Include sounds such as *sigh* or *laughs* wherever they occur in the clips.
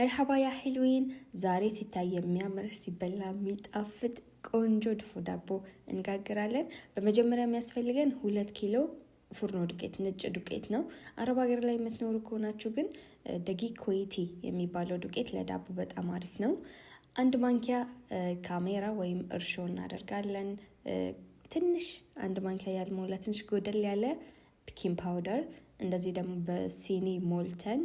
መርሐባ ያ ህልዊን ዛሬ ሲታይ የሚያምር ሲበላ የሚጣፍጥ ቆንጆ ድፎ ዳቦ እንጋግራለን። በመጀመሪያ የሚያስፈልገን ሁለት ኪሎ ፉርኖ ዱቄት ነጭ ዱቄት ነው። አረብ ሀገር ላይ የምትኖሩ ከሆናችሁ ግን ደቂቅ ኮይቲ የሚባለው ዱቄት ለዳቦ በጣም አሪፍ ነው። አንድ ማንኪያ ካሜራ ወይም እርሾ እናደርጋለን። ትንሽ አንድ ማንኪያ ያልሞላ ትንሽ ጎደል ያለ ፒኪንግ ፓውደር እንደዚህ ደግሞ በሲኒ ሞልተን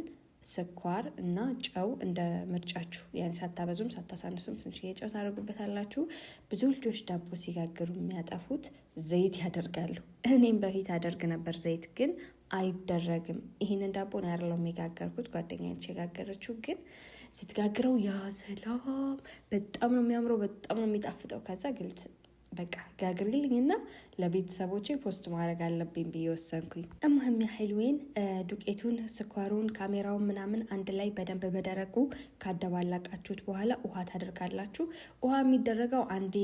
ስኳር እና ጨው እንደ ምርጫችሁ ያን ሳታበዙም ሳታሳንሱም ትንሽ ጨው ታደርጉበታላችሁ። ብዙ ልጆች ዳቦ ሲጋግሩ የሚያጠፉት ዘይት ያደርጋሉ። እኔም በፊት አደርግ ነበር። ዘይት ግን አይደረግም። ይህንን ዳቦ ነው ያለው የሚጋገርኩት ጓደኛች የጋገረችው ግን ስትጋግረው ያ ሰላም በጣም ነው የሚያምረው፣ በጣም ነው የሚጣፍጠው። ከዛ ግልጽ በቃ ጋግሪልኝ እና ለቤተሰቦቼ ፖስት ማድረግ አለብኝ ብዬ ወሰንኩኝ። እማህም ያህል ወይን ዱቄቱን፣ ስኳሩን፣ ካሜራውን ምናምን አንድ ላይ በደንብ በደረቁ ካደባላቃችሁት በኋላ ውሃ ታደርጋላችሁ። ውሃ የሚደረገው አንዴ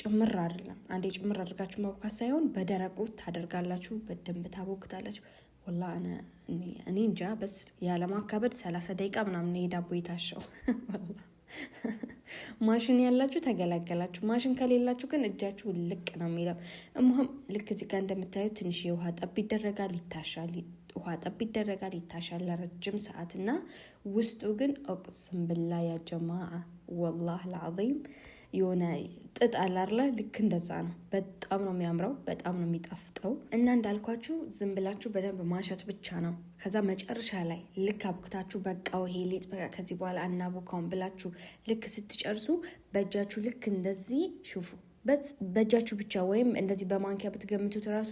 ጭምር አይደለም። አንዴ ጭምር አድርጋችሁ ማቡካት ሳይሆን በደረቁ ታደርጋላችሁ። በደንብ ታቦክታላችሁ። ወላ እኔ እንጃ በስ ያለማካበድ ሰላሳ ደቂቃ ምናምን የዳቦ የታሸው *laughs* ማሽን ያላችሁ ተገላገላችሁ። ማሽን ከሌላችሁ ግን እጃችሁ ልቅ ነው የሚለው። እሙም ልክ እዚህ ጋር እንደምታዩ ትንሽ የውሃ ጠብ ይደረጋል፣ ይታሻል። ውሃ ጠብ ይደረጋል፣ ይታሻል ለረጅም ሰዓት ውስጡ ግን ስምብላ ያጀማ ወላህ ለዓዚም የሆነ ጥጥ አላርለ ልክ እንደዛ ነው። በጣም ነው የሚያምረው፣ በጣም ነው የሚጣፍጠው። እና እንዳልኳችሁ ዝም ብላችሁ በደንብ ማሸት ብቻ ነው። ከዛ መጨረሻ ላይ ልክ አብክታችሁ በቃ ይሄ ሊጥ ከዚህ በኋላ አናቦካውን ብላችሁ ልክ ስትጨርሱ በእጃችሁ ልክ እንደዚህ ሽፉ በእጃችሁ ብቻ ወይም እንደዚህ በማንኪያ ብትገምቱት ራሱ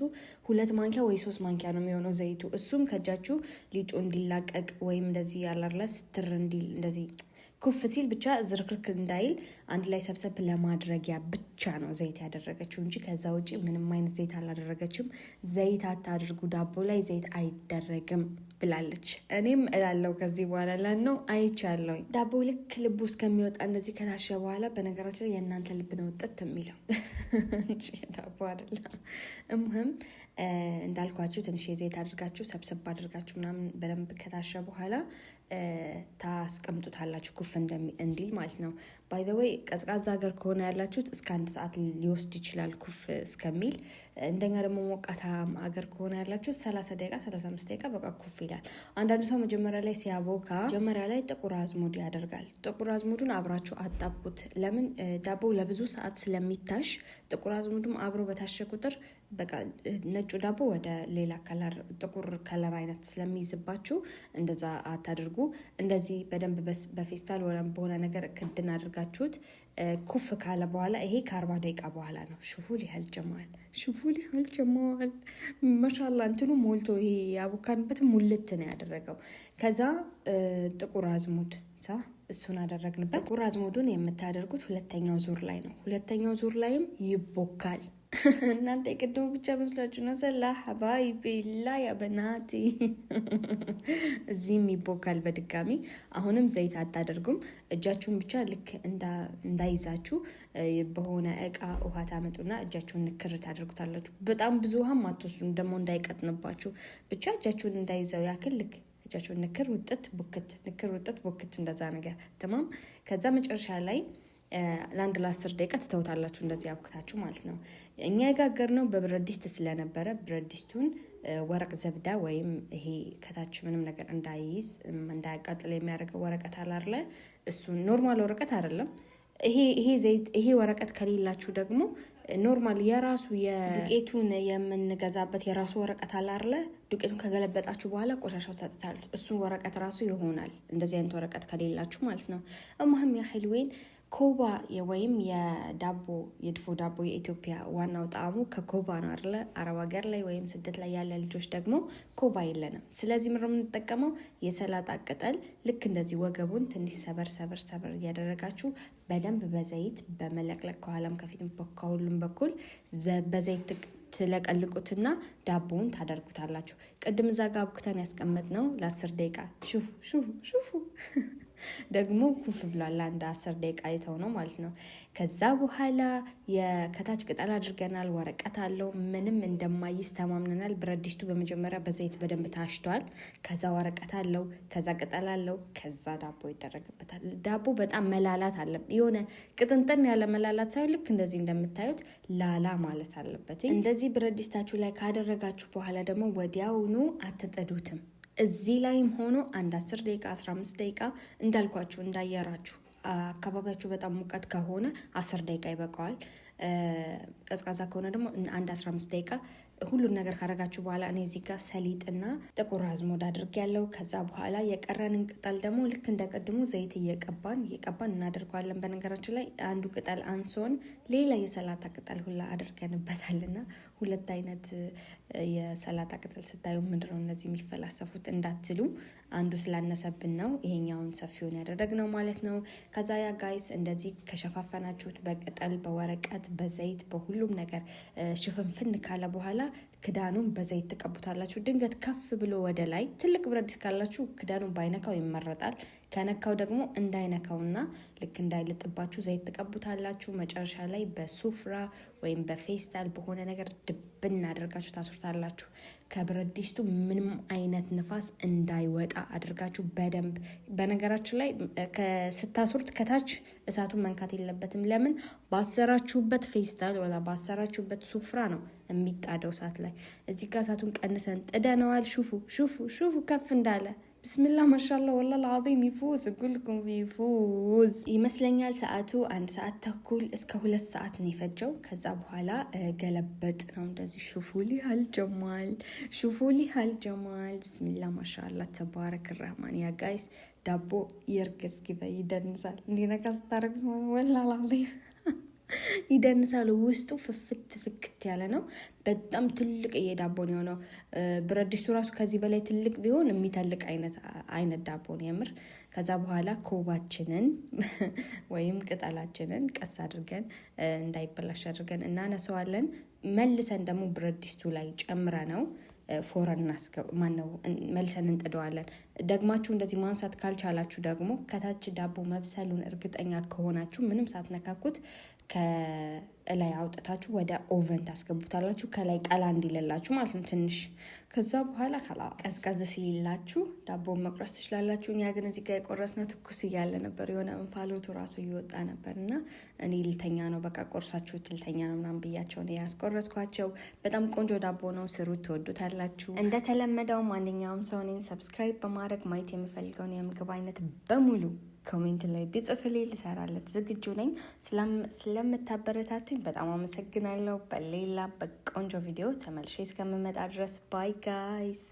ሁለት ማንኪያ ወይ ሶስት ማንኪያ ነው የሚሆነው ዘይቱ። እሱም ከእጃችሁ ሊጡ እንዲላቀቅ ወይም እንደዚህ ያላርለ ስትር እንዲል እንደዚህ ኩፍ ሲል ብቻ ዝርክርክ እንዳይል አንድ ላይ ሰብሰብ ለማድረጊያ ብቻ ነው ዘይት ያደረገችው እንጂ ከዛ ውጭ ምንም አይነት ዘይት አላደረገችም። ዘይት አታድርጉ፣ ዳቦ ላይ ዘይት አይደረግም ብላለች። እኔም እላለው ከዚህ በኋላ ላይ ነው አይቻለው። ዳቦ ልክ ልቡ እስከሚወጣ እንደዚህ ከታሸ በኋላ በነገራችን ላይ የእናንተ ልብ ነው ውጥት የሚለው *laughs* እንጂ ዳቦ አይደለም። እምህም እንዳልኳችሁ ትንሽ የዘይት አድርጋችሁ ሰብሰብ አድርጋችሁ ምናምን በደንብ ከታሸ በኋላ ታስቀምጡታላችሁ ኩፍ እንዲል ማለት ነው። ባይ ዘ ወይ ቀዝቃዛ ሀገር ከሆነ ያላችሁት እስከ አንድ ሰዓት ሊወስድ ይችላል ኩፍ እስከሚል። እንደኛ ደግሞ ሞቃታም ሀገር ከሆነ ያላችሁት ሰላሳ ደቂቃ ሰላሳ አምስት ደቂቃ በቃ ኩፍ ይላል። አንዳንድ ሰው መጀመሪያ ላይ ሲያቦካ መጀመሪያ ላይ ጥቁር አዝሙድ ያደርጋል። ጥቁር አዝሙዱን አብራችሁ አጣብቁት። ለምን ዳቦ ለብዙ ሰዓት ስለሚታሽ ጥቁር አዝሙዱም አብሮ በታሸ ቁጥር በቃ ነጩ ዳቦ ወደ ሌላ ከለር ጥቁር ከለር አይነት ስለሚይዝባችሁ እንደዛ አታደርጉ አድርጉ። እንደዚህ በደንብ በፌስታል በሆነ ነገር ክድን አድርጋችሁት ኩፍ ካለ በኋላ ይሄ ከአርባ ደቂቃ በኋላ ነው። ሽፉል ያህል ጀመዋል፣ ሽፉል ያህል ጀመዋል። መሻላ እንትኑ ሞልቶ ይሄ ያቦካንበት ሙልት ነው ያደረገው። ከዛ ጥቁር አዝሙድ ሳ እሱን አደረግንበት። ጥቁር አዝሙዱን የምታደርጉት ሁለተኛው ዙር ላይ ነው። ሁለተኛው ዙር ላይም ይቦካል። እናንተ የቅድሙ ብቻ መስሏችሁ ነው። ሰላ ሀባይ ቤላ ያበናቲ እዚህም ይቦካል በድጋሚ አሁንም ዘይት አታደርጉም። እጃችሁን ብቻ ልክ እንዳይዛችሁ በሆነ እቃ ውሃ ታመጡና እጃችሁን ንክር ታደርጉታላችሁ። በጣም ብዙ ውሃም አትወስዱም ደግሞ እንዳይቀጥንባችሁ ብቻ እጃችሁን እንዳይዘው ያክል ልክ እጃችሁን ንክር ውጥት ቡክት፣ ንክር ውጥት ቡክት፣ እንደዛ ነገር ተማም። ከዛ መጨረሻ ላይ ለአንድ ለአስር ደቂቃ ትተውታላችሁ። እንደዚህ አብክታችሁ ማለት ነው። እኛ የጋገርነው በብረት ድስት ስለነበረ ብረት ድስቱን ወረቅ ዘብዳ ወይም ይሄ ከታች ምንም ነገር እንዳይይዝ እንዳያቃጥል የሚያደርገው ወረቀት አላለ። እሱን ኖርማል ወረቀት አይደለም ይሄ ዘይት ይሄ ወረቀት ከሌላችሁ ደግሞ ኖርማል የራሱ ዱቄቱን የምንገዛበት የራሱ ወረቀት አለ አይደለ? ዱቄቱን ከገለበጣችሁ በኋላ ቆሻሻው ሰጥታሉት እሱ ወረቀት ራሱ ይሆናል። እንደዚህ አይነት ወረቀት ከሌላችሁ ማለት ነው። እማህም ያህል ወይን ኮባ ወይም የዳቦ የድፎ ዳቦ የኢትዮጵያ ዋናው ጣዕሙ ከኮባ ነው አለ። አረብ ሀገር ላይ ወይም ስደት ላይ ያለ ልጆች ደግሞ ኮባ የለንም። ስለዚህ ምር የምንጠቀመው የሰላጣ ቅጠል ልክ እንደዚህ ወገቡን ትንሽ ሰበር ሰበር ሰበር እያደረጋችሁ በደንብ በዘይት በመለቅለቅ ከኋላም ከፊት ከሁሉም በኩል በዘይት ትለቀልቁትና ዳቦውን ታደርጉታላችሁ። ቅድም እዛ ጋ አብኩተን ያስቀመጥነው ለአስር ደቂቃ ሹፉ ሹፉ *laughs* ሹፉ ደግሞ ኩፍ ብሏል። ለአንድ አስር ደቂቃ የተው ነው ማለት ነው። ከዛ በኋላ የከታች ቅጠል አድርገናል። ወረቀት አለው ምንም እንደማይስ ተማምነናል። ብረት ድስቱ በመጀመሪያ በዘይት በደንብ ታሽቷል። ከዛ ወረቀት አለው፣ ከዛ ቅጠል አለው፣ ከዛ ዳቦ ይደረግበታል። ዳቦ በጣም መላላት አለ። የሆነ ቅጥንጥን ያለ መላላት ሳይሆን ልክ እንደዚህ እንደምታዩት ላላ ማለት አለበት። እንደዚህ ብረት ድስታችሁ ላይ ካደረጋችሁ በኋላ ደግሞ ወዲያውኑ አትጥዱትም። እዚህ ላይም ሆኖ አንድ 10 ደቂቃ 15 ደቂቃ እንዳልኳችሁ እንዳየራችሁ አካባቢያችሁ በጣም ሙቀት ከሆነ 10 ደቂቃ ይበቃዋል። ቀዝቃዛ ከሆነ ደግሞ አንድ 15 ደቂቃ ሁሉን ነገር ካረጋችሁ በኋላ እኔ እዚህ ጋር ሰሊጥና ጥቁር አዝሙድ አድርግ ያለው። ከዛ በኋላ የቀረንን ቅጠል ደግሞ ልክ እንደ ቀድሞ ዘይት እየቀባን እየቀባን እናደርገዋለን። በነገራችን ላይ አንዱ ቅጠል አንሶን ሌላ የሰላጣ ቅጠል ሁላ አድርገንበታልና ሁለት አይነት የሰላጣ ቅጠል ስታዩ ምንድነው እነዚህ የሚፈላሰፉት እንዳትሉ፣ አንዱ ስላነሰብን ነው ይሄኛውን ሰፊውን ያደረግነው ማለት ነው። ከዛ ያ ጋይስ እንደዚህ ከሸፋፈናችሁት በቅጠል በወረቀት በዘይት በሁሉም ነገር ሽፍንፍን ካለ በኋላ ክዳኑን በዘይት ትቀቡታላችሁ ድንገት ከፍ ብሎ ወደ ላይ ትልቅ ብረት ድስት ካላችሁ ክዳኑን ባይነካው ይመረጣል። ከነካው ደግሞ እንዳይነካውና ልክ እንዳይልጥባችሁ ዘይት ትቀቡታላችሁ መጨረሻ ላይ በሱፍራ ወይም በፌስታል በሆነ ነገር ድብን አድርጋችሁ ታስርታላችሁ። ከብረት ድስቱ ምንም አይነት ንፋስ እንዳይወጣ አድርጋችሁ በደንብ በነገራችን ላይ ስታስሩት ከታች እሳቱን መንካት የለበትም። ለምን ባሰራችሁበት ፌስታል ወላ ባሰራችሁበት ሱፍራ ነው የሚጣደው እሳት ላይ እዚህ ጋር እሳቱን ቀንሰን ጥደነዋል። ሹፉ ሹፉ ሹፉ ከፍ እንዳለ ብስምላ ማሻላ ወላ ልዓዚም ይፉዝ ኩልኩም ይፉዝ ይመስለኛል። ሰዓቱ አንድ ሰዓት ተኩል እስከ ሁለት ሰዓት ነው የፈጀው። ከዛ በኋላ ገለበጥ ነው እንደዚህ ሹፉ ሊሃል ጀማል ሹፉ ሊሃል ጀማል ብስምላ ማሻላ ተባረክ ረህማን። ያ ጋይስ ዳቦ ይርግ እስኪበይ ይደንሳል እንዲነካ ስታረግ ወላ ልዓዚም ይደንሳሉ። ውስጡ ፍፍት ፍክት ያለ ነው። በጣም ትልቅ ዳቦ ነው የሆነው። ብረት ድስቱ ራሱ ከዚህ በላይ ትልቅ ቢሆን የሚተልቅ አይነት ዳቦ ነው የምር። ከዛ በኋላ ኮባችንን *laughs* ወይም ቅጠላችንን ቀስ አድርገን እንዳይበላሽ አድርገን እናነሰዋለን። መልሰን ደግሞ ብረት ድስቱ ላይ ጨምረ ነው ፎረን ማነው መልሰን እንጥደዋለን። ደግማችሁ እንደዚህ ማንሳት ካልቻላችሁ ደግሞ ከታች ዳቦ መብሰሉን እርግጠኛ ከሆናችሁ ምንም ሳትነካኩት ከላይ አውጥታችሁ ወደ ኦቨን ታስገቡታላችሁ። ከላይ ቀላ እንዲለላችሁ ማለት ነው ትንሽ። ከዛ በኋላ ከላ ቀዝቀዝ ሲላችሁ ዳቦን መቁረስ ትችላላችሁ። እኛ ግን እዚህ ጋር የቆረስነው ትኩስ እያለ ነበር፣ የሆነ እንፋሎቱ ራሱ እየወጣ ነበር እና እኔ ልተኛ ነው በቃ ቆርሳችሁ ልተኛ ነው ምናምን ብያቸው ነው ያስቆረስኳቸው። በጣም ቆንጆ ዳቦ ነው፣ ስሩት፣ ትወዱታላችሁ። እንደተለመደው ማንኛውም ሰው እኔን ሰብስክራይብ በማድረግ ማየት የምፈልገውን የምግብ አይነት በሙሉ ኮሜንት ላይ ቢጽፍልኝ ልሰራለት ዝግጁ ነኝ። ስለምታበረታቱኝ በጣም አመሰግናለሁ። በሌላ በቆንጆ ቪዲዮ ተመልሼ እስከምመጣ ድረስ ባይ ጋይስ